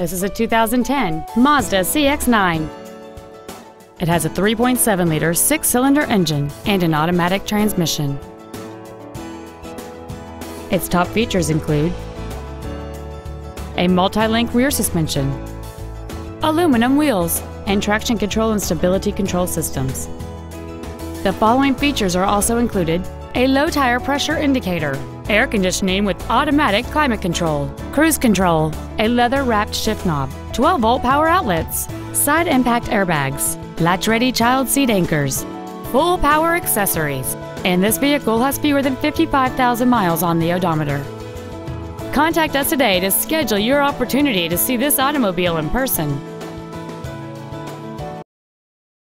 This is a 2010 Mazda CX-9. It has a 3.7-liter six-cylinder engine and an automatic transmission. Its top features include a multi-link rear suspension, aluminum wheels, and traction control and stability control systems. The following features are also included a low tire pressure indicator, air conditioning with automatic climate control, cruise control, a leather wrapped shift knob, 12 volt power outlets, side impact airbags, latch ready child seat anchors, full power accessories, and this vehicle has fewer than 55,000 miles on the odometer. Contact us today to schedule your opportunity to see this automobile in person.